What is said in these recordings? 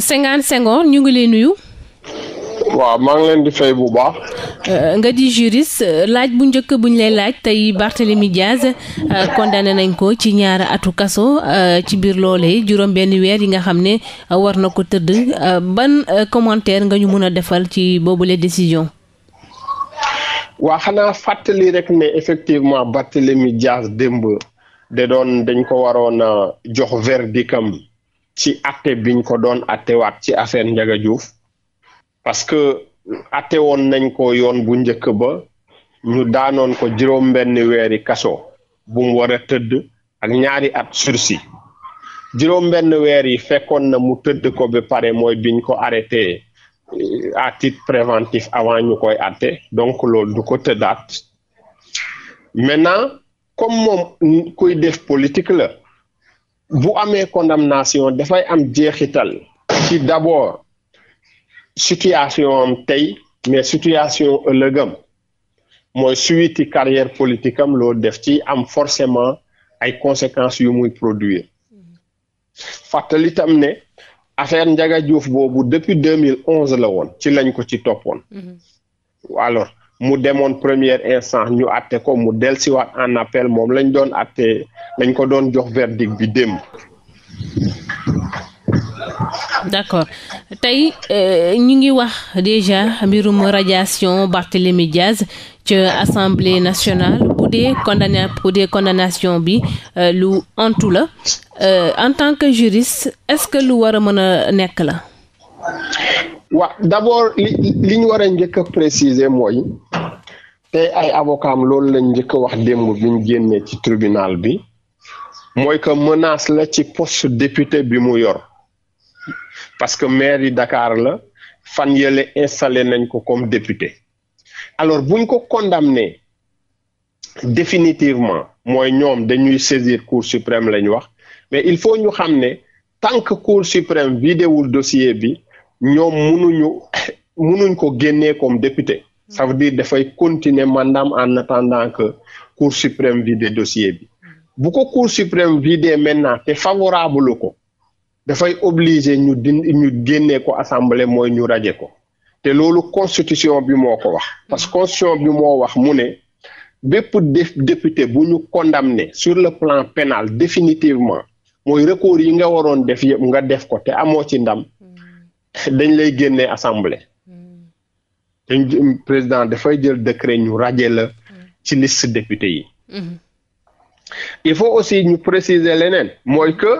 Senghane Senghor ñu ngi lay nuyu. waaw maa leen di fay bu baax. Euh, nga di juriste laaj bu njëkk buñ lay laaj tey Barthélémy Diaz euh, condamné nañ ko ci ñaari atu kaso euh, ci biir loolee juróom benn weer yi nga xam ne war na ko tëdd ban commentaire nga ñu mën a defal ci boobule décision. waa xanaa fàttali rek ne effectivement Barthélémy Diaz démb de doon dañ ko waroon a jox verdictam ci atte biñ ko doon attewaat ci affaire Ndiaga Diouf parce que atte woon nañ ko yoon bu njëkk ba ñu daanoon ko juróom benn weeri kaso bu mu war a tëdd ak ñaari at sursi juróom benn weer yi fekkoon na mu tëdd ko ba pare mooy biñ ko arrêté euh, à titre préventif avant ñu koy atte donc loolu du ko tëddaat maintenant comme moom kuy def politique la bu amee condamnation dafay am jeexital ci d'abord situation am tey mais situation ëllëgam mooy suite carrière politique am loo def ci am forcément ay conséquences yu muy produire fàttali tam ne affaire njaga Diouf boobu depuis deux mille onze la woon ci lañ ko ci toppoon mm-hmm. alors mu demoon première instance ñu àtte ko mu dellusiwaat en appel moom lañ doon àtte lañ ko doon jox verdict bi démb. d'accord tey euh, ñu ngi wax déjà mbirum radiation Barthélémy Diaz ca assemblée nationale bu dee condamné bu dee condamnation bi euh, lu antu la euh, en tant que juriste est-ce que lu war a mën a nekk la. waaw d'abord li li ñu war a njëkk a préciser mooy tey ay avocat loolu lañ njëkk wax démb bi ñu génnee ci tribunal bi mooy que menace la ci poste député bi mu yor parce que maire yi Dakar la fan yële installé nañ ko comme député alors buñ ko condamné définitivement mooy ñoom dañuy saisir cour suprême lañ wax mais il faut ñu xam ne tant que cour suprême vidéwul dossier bi ñoom munuñu munuñ ko génnee comme député ça veut dafay continuer mandam en attendant que cour suprême vide dossier bi bu ko cour suprême vide maintenant te favorable ko dafay obligé ñu dindi ñu génnee ko assemblée mooy ñu raje ko te loolu constitution bi moo ko wax parce que constitution bi moo wax mu ne bépp député bu ñu condamné sur le plan pénal définitivement mooy recours yi nga waroon def yëpp nga def ko te amoo ci ndam dañ lay génnee assemblée président dafay jël décret ñu ràjjee la ci liste député yi mm-hmm. il faut aussi ñu préciser leneen mooy que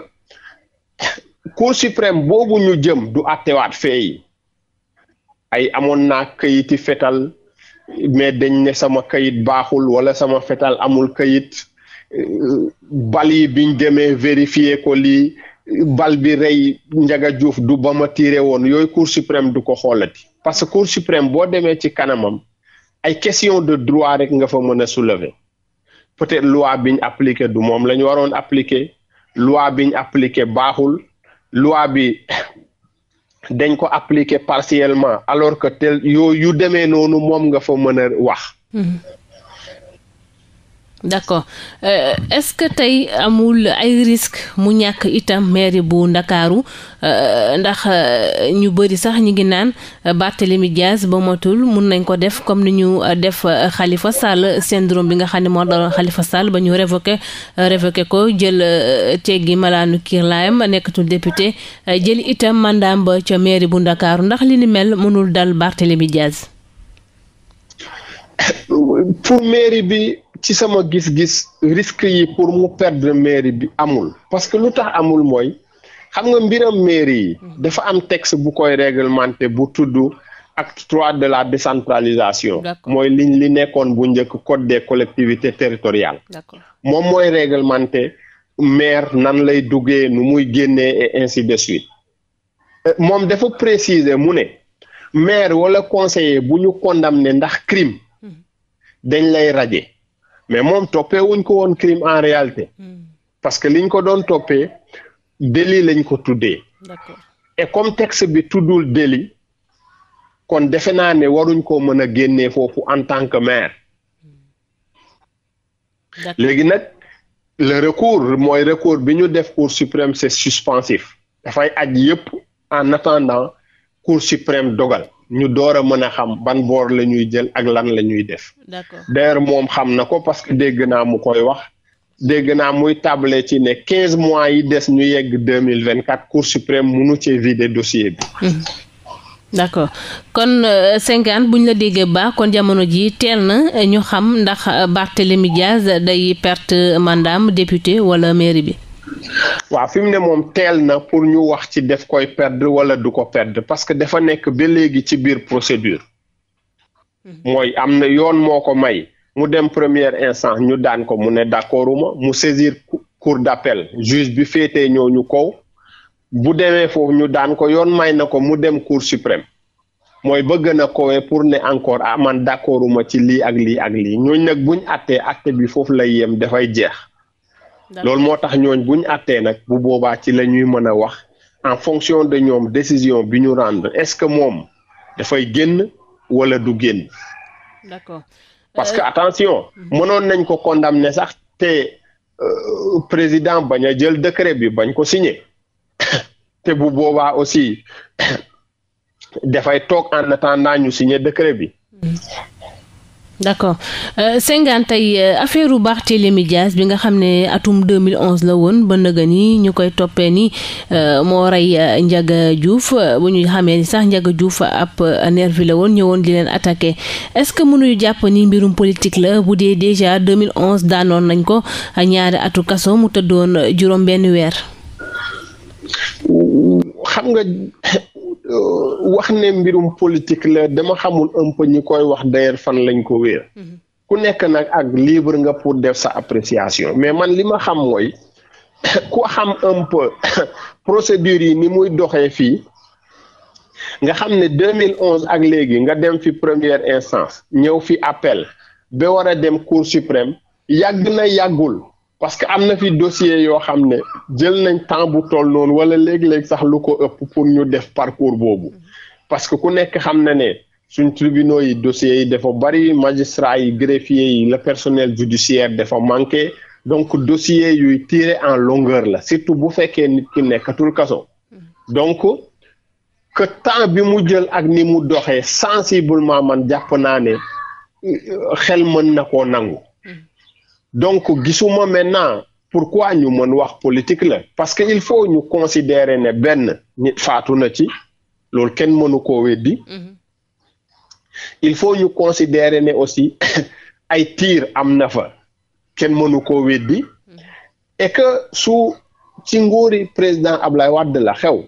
cour suprême boobu ñu jëm du attewaat fee yi ay amoon naa kayiti fetal mais dañ ne sama kayit baaxul wala sama fetal amul kayit bal biñ demee vérifier ko li bal bi rey Njaga Juuf du ba ma tiire woon yooyu cour suprême du ko xoolati parce que cour suprême boo demee ci kanamam ay question de droit rek nga fa mën a soulever peut-être loi biñ ñu du moom la ñu waroon appliqué loi biñ ñu baaxul loi bi dañ ko appliqué partiellement alors que tel yoo yu demee noonu moom nga fa mën a wax. Mm-hmm. d' accord est euh, ce que tey amul ay risque mu ñàkk itam maire bu ndakaaru euh, ndax euh, ñu bëri sax ñu ngi naan euh, Barthélemy Dias ba matul mun nañ ko def comme ni ñu def Khalifa Sall syndrome bi nga xam ne moo daloon xalifa Sall ba ñu révoqué révoqué ko jël teggi malaanu kiirlaayam nekkatul député jël itam mandaam ba ca maire bu ndakaaru ndax li ni mel mënul dal Barthélemy Dias pour mairie bi ci sama gis-gis risque yi pour mu perdre maire bi amul parce que lu tax amul mooy xam nga mbiram maire yi hmm. dafa am texte bu koy réglementé bu tudd ak troit de la décentralisation mooy liñ li nekkoon bu njëkk code des collectivités territoriales moom mooy réglementé maire nan lay duggee nu muy génnee et ainsi de suite euh, moom dafa préciser mu ne maire wala conseiller bu ñu condamné ndax crime hmm. dañ lay raje mais moom toppee wuñ ko woon crime en réalité hmm. parce que liñ ko doon toppee déli lañ ko tuddee et comme texte bi tuddul déli kon defe naa ne waruñ koo mën a génnee foofu en tant que maire léegi nag le recours mooy recours bi ñu def cour suprême c'est suspensif dafay aj yëpp en attendant cour suprême dogal ñu door a mën a xam ban boor la ñuy jël ak lan la ñuy def. d'accord d'ailleurs moom xam na ko parce que dégg naa mu koy wax dégg naa muy table ci ne quinze mois yi des ñu yegg deux mille vingt quatre cour suprême mënu cee vider dossier bi. Hmm. d'accord kon euh, bu ñu la déggee baax kon jamono ji teel na ñu xam ndax Barthélémy Diaz day perte mandaam député wala mairie bi. waaw fi mu ne moom teel na pour ñu wax ci def koy perdre wala du ko perd parce que dafa nekk ba léegi ci biir procédure mhm. mooy am na yoon moo ko may mu dem première instance ñu daan ko mu ne d'accorduma mu saisir cour d'appel juge bi féetee ñu kaw bu demee foofu ñu daan ko yoon may na ko mu dem cour suprême mooy ba na a kowee pour ne encore ah man d'accorduma ci lii ak lii ak lii ñooñ nag buñ attee atte bi foofu lay yem dafay jeex loolu moo tax ñooñ bu ñu àttee nag bu boobaa ci la ñuy mën a wax en fonction de ñoom décision bi ñu rendre est-ce que moom dafay génn wala du génn. d'accord parce que euh, attention. Mhm. mënoon nañ ko ne sax te euh, président bañ a jël décret bi bañ ko signer te bu boobaa aussi dafay toog en attendant ñu signer décret bi. Mhm. d' accord cinquante euh, tey euh, affaire baax Barthélémy Dias bi nga xam ne atum 2011 la woon ba nëga ni ñu koy toppee ni euh, moo rey Ndiaga Diouf bu ñuy xamee ni sax Ndiaga Diouf ab nervi la woon ñëwoon di leen attaqué est ce que mënuñu jàpp ni mbirum politique la bu dee déjà 2011 daanoon nañ ko a ñaari atu kaso mu tëddoon juróom benn weer xam nga Euh, wax ne mbirum politique la dama xamul un peu ñi koy wax d'ailleurs fan lañ ko wéer mhm. ku nekk nag ak libre nga pour def sa appréciation mais man li ma xam mooy ku xam un peu procédure yi ni muy doxee fii nga xam ne 2011 ak léegi nga dem fi première instance ñëw fi appel ba war a dem cour suprême yàgg na yàggul parce que am na fi dossier yoo xam ne jël nañ temps bu toll noonu wala léeg-léeg sax lu ko ëpp pour ñu def parcours boobu parce que ku nekk xam na ne suñ tribunaux yi dossiers yi dafa bari magistrats yi greffiers yi le personnel judiciaire defa manqué donc dossier yuy tiré en longueur la surtout bu fekkee nit ki nekkatul kaso donc que temps bi mu jël ak ni mu doxee sensiblement man jàpp naa ne xel mën na koo nangu donc gisuma maintenant pourquoi ñu mën wax politique la parce que il faut ñu considérer ne benn nit faatu na ci loolu kenn mënu koo weddi mhm. il faut ñu considere ne aussi ay tiir am na fa kenn mënu koo weddi mhm. et que su ci nguuri président Ablaye Wade la xew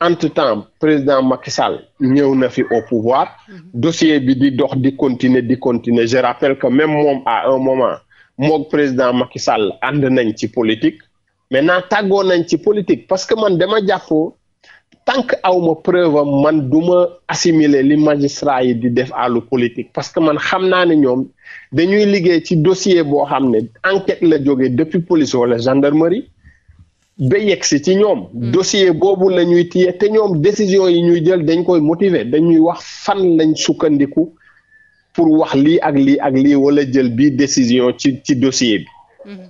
entre temps président Macky Sall ñëw na fi au pouvoir mhm. dossier bi di dox di continuer di continuer je rappelle que même moom à un moment Hm? moog président Macky Sall ànd nañ ci politique mais maintenant tàggoo nañ ci politique parce que man dama jàpp tant que awma preuve am man du ma assimiler li magistrat yi di def àllu politique parce que man xam naa ne ñoom dañuy liggéey ci dossier boo xam ne enquête la jógee depuis police wala gendarmerie ba yegg si ci ñoom hm. dossier boobu la ñuy téye te ñoom décision yi ñuy jël dañ koy motiver dañuy wax fan lañ sukkandiku pour wax lii ak lii ak lii wala jël bii décision ci ci dossier bi mhm.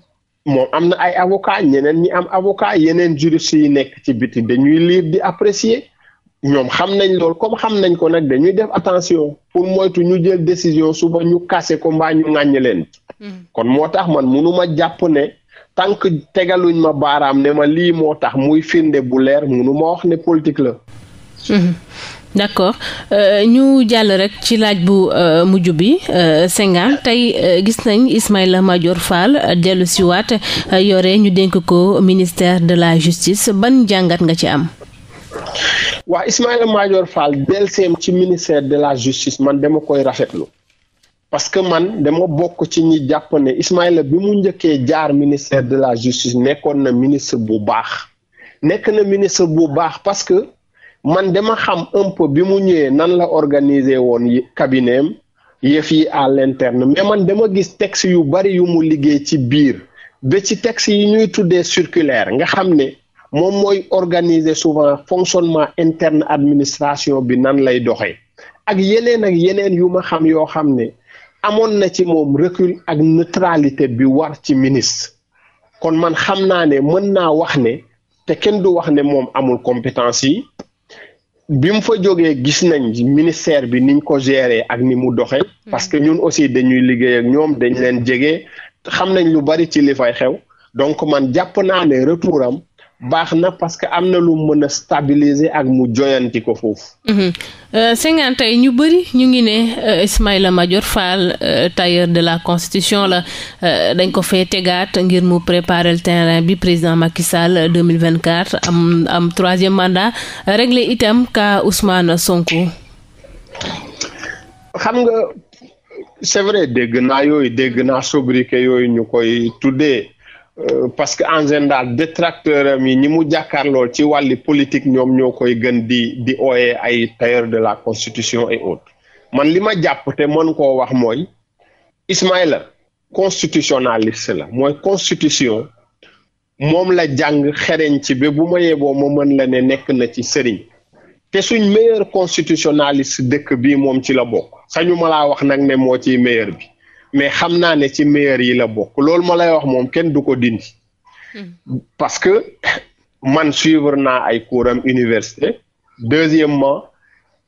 moom am na ay avocat ñeneen ñi am avocat yeneen juriste yi nekk ci biti dañuy lire di apprécier ñoom xam nañ lool comme xam nañ ko nag dañuy def attention pour moytu ñu jël décision suba ñu kase ko mbaa ñu ŋàññ leen mhm. kon moo tax man munuma jàpp ne tant tegaluñ ma baaraam ne ma lii moo tax muy firnde bu leer munuma wax ne politique la mhm. d' accord euh, ñu jàll rek ci laaj bu euh, mujj bi euh, Senghane tey gis nañ Ismaïla major Fall dellu si yore ñu dénk ko ministère de la justice ban jàngat nga ci am. waa Ismaïla Madior Fall delseem ci ministère de la justice man dama koy rafetlu parce que man dama bokk ci ñi jàpp ne Ismaïla bi mu njëkkee jaar ministère de la justice nekkoon na ministre bu baax nekk na ministre bu baax parce que. man dama xam un peu bi mu ñëwee nan la organiser woon yi cabinet am yëf yi à l'interne mais man dama gis text yu bari yu mu liggéey ci biir ba ci texte yi ñuy tuddee circulaire nga xam ne moom mooy organiser souvent fonctionnement interne administration bi nan lay doxee ak yeneen ak yeneen yu ma xam yoo xam ne amoon na ci moom recul ak neutralité bi war ci ministre kon man xam naa ne mën naa wax ne te kenn du wax ne moom amul compétence yi bi mu fa jógee gis nañ ministère bi niñ ko gérer ak ni mu doxe hmm. parce que ñun aussi dañuy liggéey ak ñoom dañ leen jege xam nañ lu bari ci li fay xew donc man jàpp naa ne retour am baax na parce que am na lu mën a stabiliser ak mu joyanti ko foofu. cinquante mhm. euh, yi ñu bëri ñu ngi ne euh, Ismaïla Madior Fall euh, tailleur de la constitution la dañ ko fee tegaat ngir mu préparer le terrain bi président Macky Sall 2024 am am troisième mandat régler itam ka Ousmane Sonko. xam nga c'est vrai dégg naa yooyu dégg naa sobriquet yooyu ñu koy tuddee. Euh, parce que en général détracteur am yi ñi mu jàkkaarloo ci wàlli politique ñoom ñoo koy gën di di ooyee ay tailleurs de la constitution et autres man li ma jàpp te mën koo wax mooy Ismaïla constitutionnaliste la mooy constitution moom la jàng xereñ ci ba bu ma yeboo ma mën la ne nekk na ci sëriñ te suñ meilleur constitutionnaliste dëkk bii moom ci la bokk sañu ma laa wax nag ne moo ciy meilleur bi mais xam naa ne ci meilleur yi la bokk loolu ma lay wax moom kenn du ko dindi. Hmm. parce que man suivre naa ay kuram université deuxièmement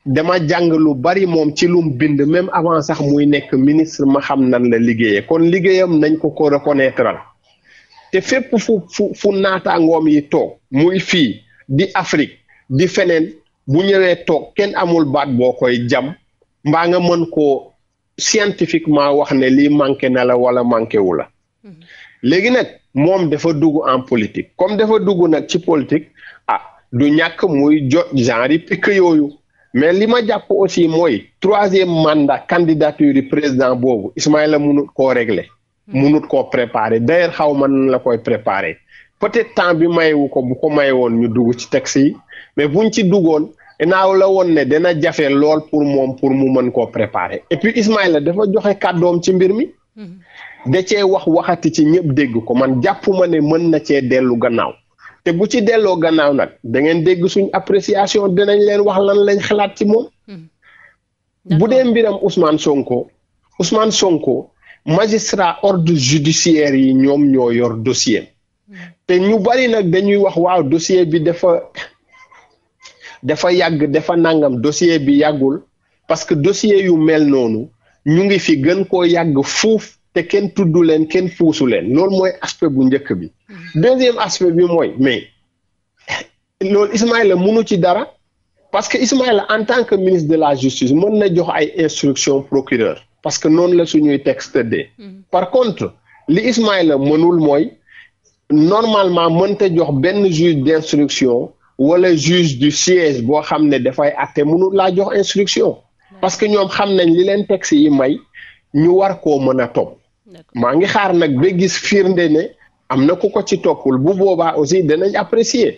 dama jàng lu bari moom ci lum bind même avant sax muy nekk ministre ma xam nan la liggéeyee kon liggéeyam nañ ko ko reconnaître te fépp fu fu fu naataangoom yi toog muy fii di Afrique di feneen bu ñëwee toog kenn amul baat boo koy jam mbaa nga mën koo scientifiquement wax ne lii manqué na la wala manqué wu la mhm. léegi nag moom dafa dugg en politique comme dafa dugg nag ci politique ah du ñàkk muy jot genre yi pikk yooyu mais li ma jàpp aussi mooy troisième mandat candidature yi président boobu Ismaïla munut koo régler mhm. munut koo préparer d'ailleurs xaw ma nan la koy préparer peut-être temps bi mayewu ko bu ko maye woon ñu dugg ci texte yi mais buñ ci duggoon naaw la woon ne dana jafe lool pour moom pour mu mën koo préparer et puis Ismaïla dafa joxe kàddoom ci mbir mi. Mhm. da cee wax waxati ci ñëpp dégg ko man jàppuma ne mën na cee dellu gannaaw. te bu ci delloo gannaaw nag da ngeen dégg suñ appréciation danañ leen wax lan lañ xalaat ci moom. Mhm. bu dee mbiram Ousmane Sonko Ousmane Sonko magistrat ordre judiciaire yi ñoom ñoo yor dossier. Mhm. te ñu bari nag dañuy wax waaw dossier bi dafa. dafa yàgg dafa nangam dossier bi yàggul parce que dossier yu mel noonu ñu ngi fi gën koo yàgg fuuf te kenn tuddu leen kenn fuusu leen loolu mooy aspect bu njëkk bi mm-hmm. deuxième aspect bi mooy mais loolu Ismaïla mënu ci dara parce que Ismaïla en tant que ministre de la justice mën na jox ay instruction procureur parce que noonu la suñuy texte tëddee mm-hmm. par contre li Ismaïla mënul mooy normalement mënta jox benn juge d'instruction wala juge du siège boo xam ne dafay àtte mënul laa jox instruction parce que ñoom xam nañ li leen texte yi may ñu war koo mën a topp maa ngi xaar nag ba gis firnde ne am na ku ko ci toppul bu boobaa aussi danañ apprécier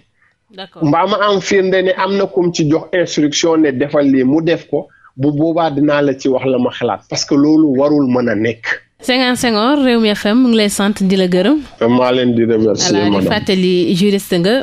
mbaa ma am firnde am na kum ci jox instruction ne defal lii mu def ko bu boobaa dinaa la ci wax la ma xalaat parce que loolu warul mën a nekk Senghor Senghor Rewmi FM mu ngi lay sant di la gërëm maa leen di remercier madame fàttali juriste nga